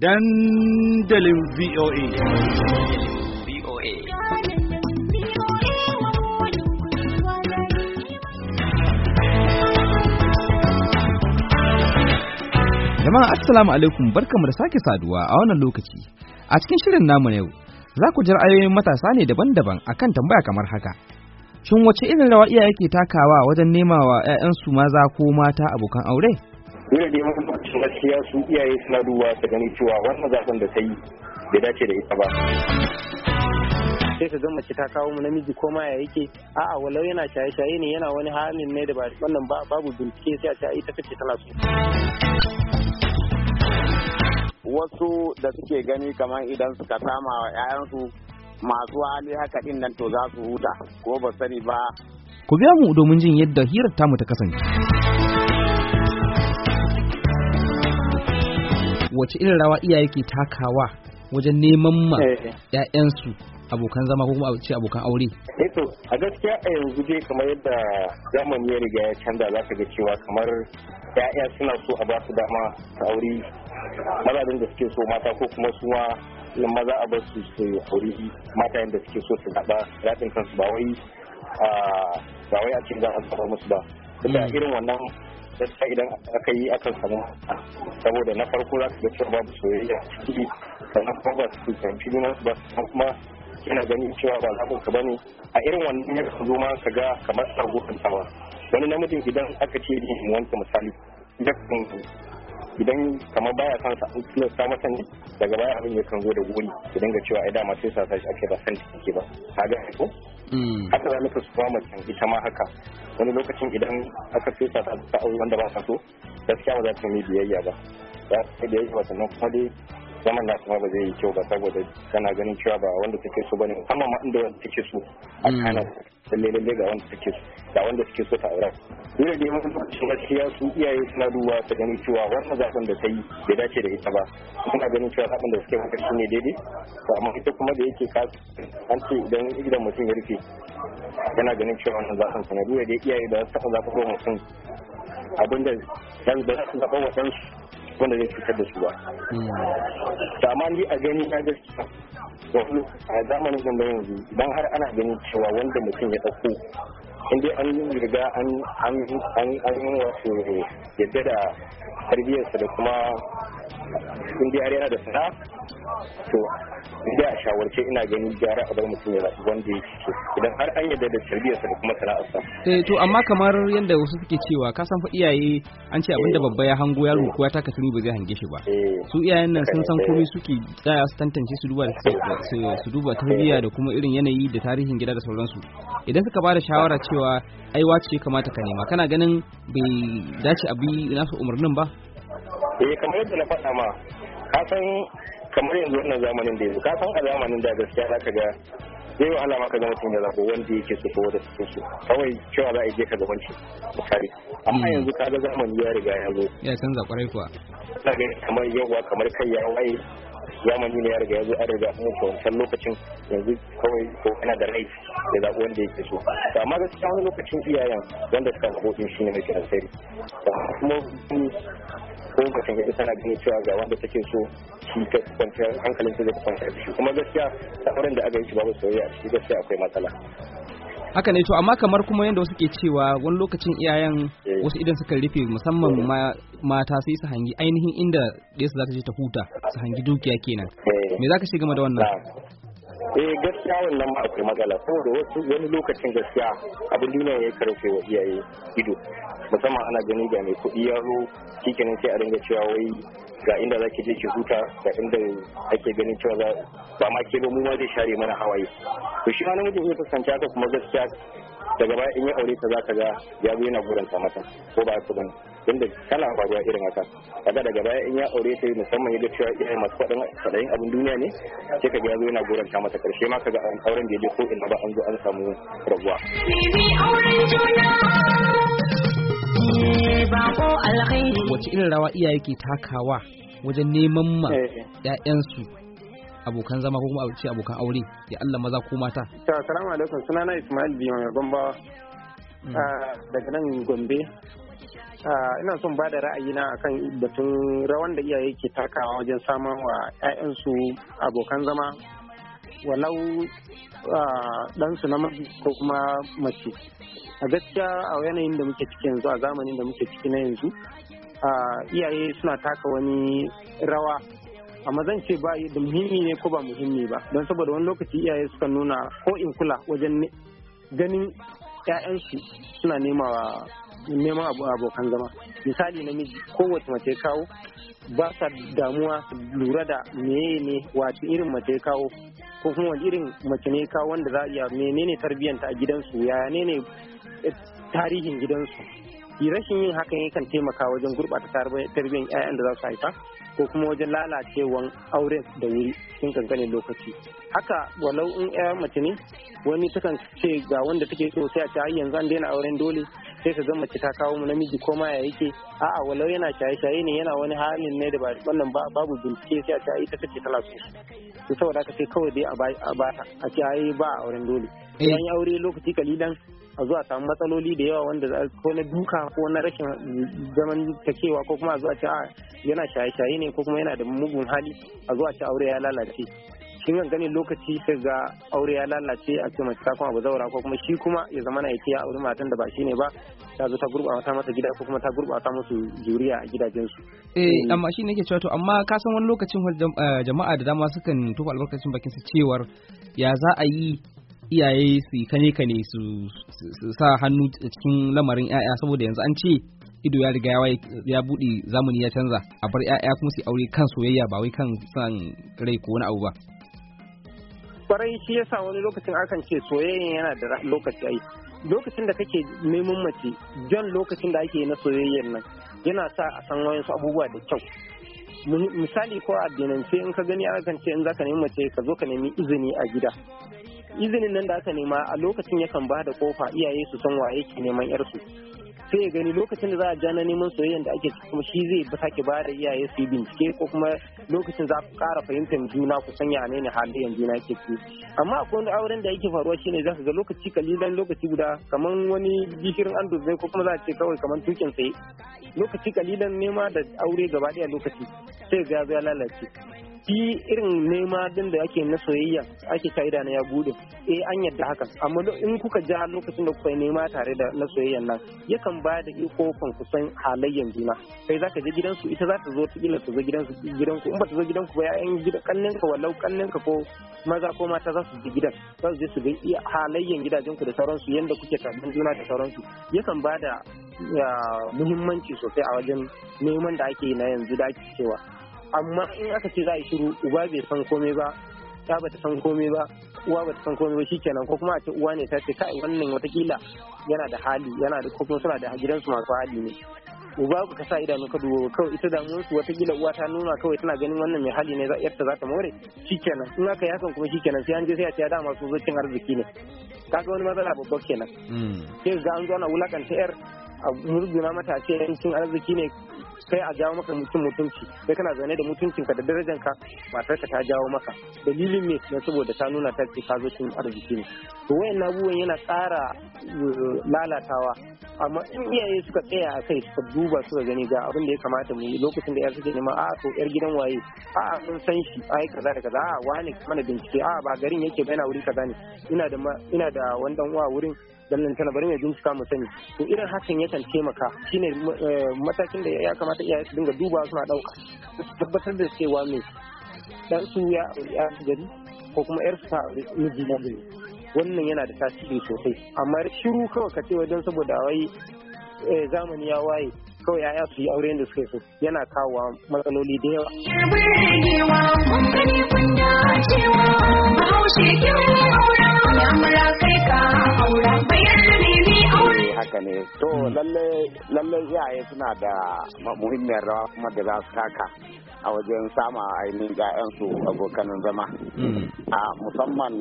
dandalin VOA. VOA. Jama'a Assalamu alaikum barkamu da sake saduwa a wannan lokaci. A cikin shirin namu na yau, za ku ji ra'ayoyin matasa ne daban-daban akan tambaya kamar haka. Shin wace irin rawa iyaye ke takawa wajen nema wa 'ya'yansu maza ko mata abokan aure? dole ne masu gaskiya su iyaye suna duba su gani cewa wannan zaben da ta yi da dace da ita ba sai ta zama ta kawo mu namiji ko ma ya yake a'a walau yana shaye-shaye ne yana wani halin ne da ba wannan babu bincike sai a ce ita kace tana so wasu da suke gani kamar idan suka sama wa 'ya'yansu masu hali haka din nan to za su huta ko ba sani ba ku biya mu domin jin yadda hirar tamu ta kasance wace irin rawa iyaye ke takawa wajen neman ma eh. ƴaƴansu abokan zama ko kuma ce abokan aure. Eto eh a gaskiya a yanzu dai kamar yadda zamani ya riga ya canza za ka ga cewa kamar ƴaƴa suna so a ba su dama su aure mazajen da suke so mata ko kuma su ma maza a ba su su aure mata yadda suke so su zaɓa zaɓin kansu ba wai ah, ba wai a ce za a musu ba. Duk hmm. irin wannan gaskiya idan aka yi akan samu saboda na farko za su ga cewa babu soyayya ciki sannan kuma ba su fahimci juna ba sannan kuma kina gani cewa ba za ka bane a irin wannan ya zo ma ka ga kamar sargo tawa wani namijin idan aka ce ni wanke misali idan kamar baya san sa in sa masa ne daga baya abin ya kan zo da gori idan ga cewa ai dama sai sa sashi ake ba san ciki ba ka ga ko Mm. haka zalika su kuma can ita ma haka wani lokacin idan aka fesa ta aure wanda ba ka so gaskiya ba za ta yi biyayya ba ya yi biyayya ba sannan kuma dai zaman na kuma ba zai yi kyau ba saboda kana ganin cewa ba wanda take so bane amma ma inda wanda take so a hmm. kana lalle lalle ga wanda take so ga wanda take so ta aure ni da dai mun ci gaskiya su iyaye suna duba ta ganin cewa wannan zaben da ta yi bai dace da ita ba kuma ganin cewa zaben da suke maka shine daidai to amma ita kuma da yake ka an ce idan idan mutum ya rufe yana ganin cewa wannan zaben sanadiyar da iyaye da su taɓa zaɓa mutum abinda da su zaɓa wa ɗansu wanda zai fitar da su ba hmm. amma ni a gani na ga a zamanin nan yanzu idan har ana ganin cewa wanda mutum ya ɗauko inda an yi riga an an an yadda da tarbiyyarsa da kuma in dai yana da sana'a to da a shawarce ina ganin gyara a bar mutum ya wanda ya ce idan har an yadda da tarbiyyarsa da kuma sana'arsa. sa. Eh, to amma kamar yadda wasu suke cewa ka san fa iyaye an ce abinda eh. babba ya hango yaro kuwa ta taka ba zai hange shi ba eh. su iyayen nan sun san komai suke tsaya su tantance su duba su duba tarbiyya da kuma irin yanayi da tarihin gida da sauransu idan suka ba da shawara cewa ai wace kamata ka nema kana ganin bai dace abi nasu umarnin ba eh kamar yadda na faɗa ma ka san kamar yanzu wannan zamanin da yanzu ka san a zamanin da gaskiya za ka ga zai wahala ma ka ga mutum ya zaɓo wanda yake so ko wanda su so kawai cewa za a je ka ga shi misali amma hmm. yanzu ka ga zamani ya riga ya zo ya canza kwarai kuwa ka ga kamar yawa kamar kai ya waye zamani ne ya riga ya zo an riga an wuce wancan lokacin yanzu kawai ko kana da rai da ko wanda yake so amma gaskiya wani lokacin iyayen wanda suka zaɓo din shi ne mai kiran sai kuma ko mutum ya na ganin cewa ga wanda take so shi ta kwanciyar hankalin ta zai kwanciya shi kuma gaskiya tsamarin da aka yi shi babu soyayya shi gaskiya akwai matsala haka ne to amma kamar kuma yadda wasu ke cewa wani lokacin iyayen eh. wasu idan suka rufe musamman eh. mata sai su hangi ainihin inda ɗaya su za ta je ta huta su hangi dukiya kenan eh. me za ka ce game da wannan eh gaskiya wannan ma akwai matsala saboda wasu wani lokacin gaskiya abin duniya ya karfe wa iyaye ido musamman ana gani ga mai kuɗi yaro shikenan sai a dinga cewa wai ga inda za ki je ki huta ga inda ake ganin cewa ba ma ke ba mu ma zai share mana hawaye to shi ma namiji zai fuskanci haka kuma gaskiya daga baya in ya aure ta zaka ga ya zo yana gudanta mata ko ba su bane tunda kana faruwa irin haka kaga daga baya in ya aure ta musamman yadda cewa iyaye masu faɗin faɗin abin duniya ne sai kaga ya zo yana gudanta mata karshe ma kaga an auren da ya je ko ina ba an zo an samu rabuwa eh, wace irin rawa iyaye ke takawa wajen neman ma eh, eh. 'ya'yansu abokan zama ko kuma ce abokan aure ya Allah maza ko mata assalamu alaikum na Ismail Biyo mai mm. ah, daga nan Gombe ah, ina son ba da ra'ayi na akan batun rawan da iyaye ke takawa wajen samun wa 'ya'yansu abokan zama walau ah, ɗansu namiji ko kuma mace a gaskiya a yanayin da muke ciki yanzu a zamanin da muke ciki na yanzu iyaye suna taka wani rawa amma zan ce ba da muhimmi ne ko ba muhimmi ba don saboda wani lokaci iyaye suka nuna ko in kula wajen ganin 'ya'yansu suna nema neman abokan zama misali namiji kowace mace kawo ba sa damuwa lura da meye ne wace irin mace kawo ko kuma wani irin mace ne kawo wanda za a iya menene tarbiyyanta a gidansu yaya ne ne tarihin gidansu rashin yin hakan yakan taimaka wajen gurɓata tarbiyyar 'ya'yan da za su haifa ko kuma wajen lalacewan auren da wuri cikin kankanin lokaci haka walau in 'ya mace ne wani takan ce ga wanda take so sai a ce ai yanzu an daina auren dole sai ka ga mace ta kawo mu namiji ko ma ya yake a'a walau yana shaye-shaye ne yana wani halin ne da ba wannan babu bincike sai a ce ai ita take tana so to saboda haka sai kawai dai a bata a ce ai ba auren dole bayan eh. aure lokaci kalilan a zuwa samu matsaloli da yawa wanda ko na duka ko na rashin zaman takewa ko kuma a zuwa ce a ah, yana shaye-shaye ne ko kuma yana da mugun hali a zuwa ce aure ya lalace kin ganin lokaci ta ga aure ya lalace a ce mace ta kuma abu zaura ko kuma shi kuma ya zama na yake ya aure matan da ba shi ne ba ta zo ta gurbata mata gida ko kuma ta gurbata musu juriya a gidajensu. eh mm. amma shi ke cewa to amma ka san wani lokacin eh, jama'a da dama sukan tofa albarkacin bakin su cewar ya za a yi iyaye su yi kane kane su sa hannu cikin lamarin 'ya'ya saboda yanzu an ce ido ya riga ya buɗe zamani ya canza a bar 'ya'ya kuma su aure kan soyayya ba wai kan san rai ko wani abu ba kwarai shi yasa wani lokacin akan ce soyayya yana da lokaci ai lokacin da kake neman mace jan lokacin da ake na soyayyar nan yana sa a san wani abubuwa da kyau misali ko a addinance in ka gani akan ce in zaka nemi mace ka zo ka nemi izini a gida izinin nan da aka nema a lokacin yakan ba da kofa iyaye su san waye ke neman yarsu sai ya gani lokacin da za a ja na neman soyayyan da ake kuma shi zai ba sake ba da iyaye su bincike ko kuma lokacin za ku ƙara fahimtar juna ku sanya ne ne halayen juna ke ciki amma akwai wani auren da yake faruwa shine za ka ga lokaci kalilan lokaci guda kamar wani gishirin an dozai ko kuma za a ce kawai kamar tukin sai lokaci kalilan nema da aure gaba daya lokaci sai ga ya lalace shi irin nema din da ake na soyayya ake kaida na ya bude eh an yadda haka amma in kuka ja lokacin da kuka nema tare da na soyayya nan yakan ba da iko kan kusan halayyan juna kai zaka je gidansu ita za ta zo ta gina ta zo gidansu ku in ba ta zo ku ba ya'yan gidan kallon ka wallau kallon ka ko maza ko mata za su ji gidan za su je su ga halayyan gidajen ku da sauransu yanda kuke tsadan juna da sauransu yakan ba da muhimmanci sosai a wajen neman da ake yi na yanzu da ake cewa amma in aka ce za a yi shiru uba bai san komai ba ta bata san komai ba uwa bata san komai ba shikenan ko kuma a ce uwa ne ta ce kai wannan watakila yana da hali yana da ko kuma suna da gidansu masu hali ne uba ku ka sa idanu ka dubo kawai ita damuwar su watakila uwa ta nuna kawai tana ganin wannan mai hali ne yadda za ta more shikenan in aka yi hakan kuma shikenan sai an je sai a ce da masu arziki ne kaga wani matsala babba kenan hmm. sai ga an zo ana wulakanta yar a murguna mata ce cin arziki ne sai a jawo maka mutum mutunci sai kana zaune da mutuncinka da darajar darajanka matarka ta jawo maka dalilin ne na saboda ta nuna ta ce ka zo cikin arziki ne to wayan abubuwan yana ƙara eh, lalatawa amma in iyaye suka tsaya a kai suka duba suka gani ga abin da ya kamata mu yi lokacin da yar suke nema a to yar gidan waye a a mun san shi ai kaza da kaza a wani mana bincike a ba garin yake ba yana wuri kaza ne ina da ina da wani dan uwa wurin dallan tana bari ya bincika mu sani to irin hakan yakan taimaka shine eh, matakin da ya kamata iyaye su dinga duba suna dauka tabbatar da cewa me dan su ya ya gari ko kuma yar su ta miji na gari wannan yana da tasiri sosai amma shiru kawai ka ce wajen saboda wai eh, zamani ya waye kawai ya'ya su yi aure da suke so yana kawo matsaloli da yawa. haka ne to lalle iyaye suna da muhimmiyar rawa kuma da za su taka a wajen sama ainihin 'ya'yansu abokanin zama mm. a musamman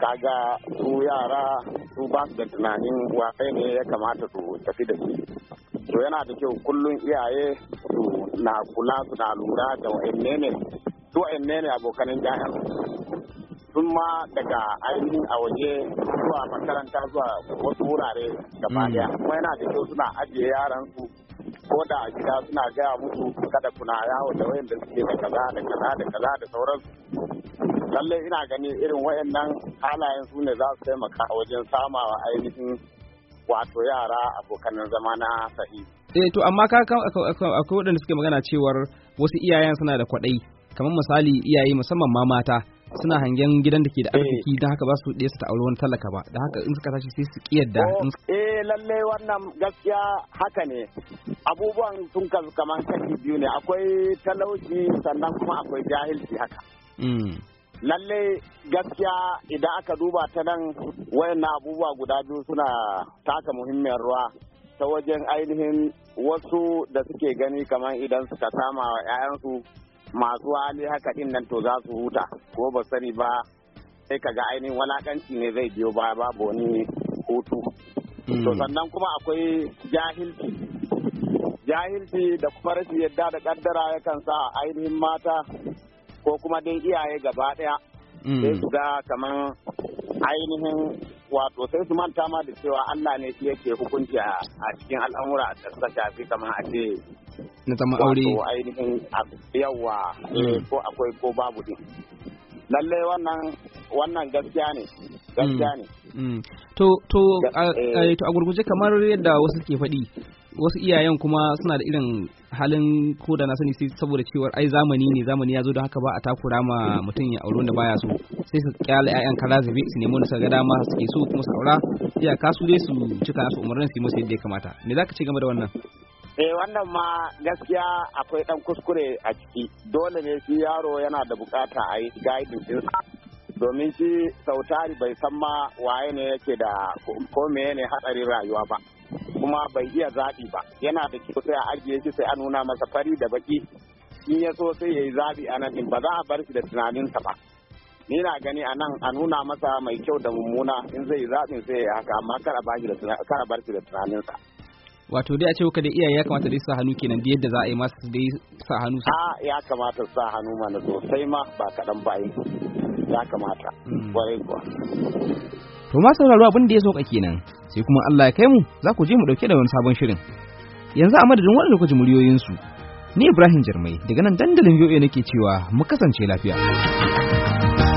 kaga su yara su ba su da tunanin wasai ne ya kamata su tafi da shi to yana da kyau kullum iyaye su na kula su na lura da wa'anne ne su wa'anne ne abokanin ƴaƴan sun ma daga ainihin a waje zuwa makaranta zuwa wasu wurare gaba daya mm. kuma yana da kyau suna ajiye yaran su ko da a gida suna gaya musu kada kuna yawo da wayan da suke da kaza da kaza da kaza da sauransu lallai ina gani irin wayannan halayen su ne za su taimaka wajen samawa ainihin wato yara abokan zama na sahi eh to amma ka akwai waɗanda suke magana cewar wasu iyayen suna da kwaɗayi kamar misali iyaye musamman ma mata suna hangen gidan da ke da eh. arziki don haka ba su ɗaya su ta wani talaka ba da haka in suka tashi sai su kiyarda oh, eh lallai wannan gaskiya haka ne abubuwan sun kasu kamar kashi biyu ne akwai talauci sannan kuma akwai jahilci haka mm. Lallai gaskiya idan aka duba ta nan wayannan abubuwa guda biyu suna taka muhimmiyar rawa ta wajen ainihin wasu da suke gani kamar idan suka sama 'ya'yansu masu hali haka din nan to za su huta ko ba sani ba sai kaga ainihin walakanci ne zai biyo ba babu wani hutu to hmm. sannan kuma akwai jahilci jahilci da kuma rashin yadda da kaddara yakan sa ainihin mata ko kuma dai iyaye gaba daya hmm. sai su ga kamar ainihin wato sai su manta ma da cewa Allah ne shi yake hukunci a cikin al'amura da suka shafi kamar a ce na zama aure ainihin yawa eh, mm. ko akwai ko babu din lallai wannan wannan gaskiya ne gaskiya mm. ne mm. to eh. Eh, to a gurguje kamar yadda wasu ke faɗi wasu iyayen kuma suna da irin halin ko da na sani sai saboda cewar ai zamani ne zamani ya zo da haka ba a takura ma mutum ya auri wanda baya so sai su kyale ƴaƴan kala zabe su nemi sagada ga dama suke so kuma su aura iyaka su dai su cika su umarnin su yi musu yadda ya kamata me zaka ce game da wannan Eh wannan ma gaskiya akwai ɗan kuskure a ciki dole ne shi yaro yana da bukata a yi gaidin ɗinsa domin shi sautari bai san ma waye ne yake da ko meye ne hatsarin rayuwa ba kuma bai iya zaɓi ba yana da kyau sai a ajiye shi sai a nuna masa fari da baki in ya so sai ya yi zaɓi a nan ba za a bar shi da tunaninsa ba ni na gani a nan a nuna masa mai kyau da mummuna in zai yi zaɓin sai ya haka amma kar a bar shi da tunaninsa. wato dai a ce kuka da iyaye ya kamata dai sa hannu kenan da yadda za a yi masu yi sa hannu sa ya kamata sa hannu mana sosai ma ba kaɗan ba ya kamata kwarai hmm. kuwa to ma sauraro abin da ya sauka kenan sai kuma Allah ya kai mu za ku je mu dauke da wani sabon shirin yanzu a madadin waɗanda kuka ji ni Ibrahim Jarmai daga nan dandalin VOA nake cewa mu kasance lafiya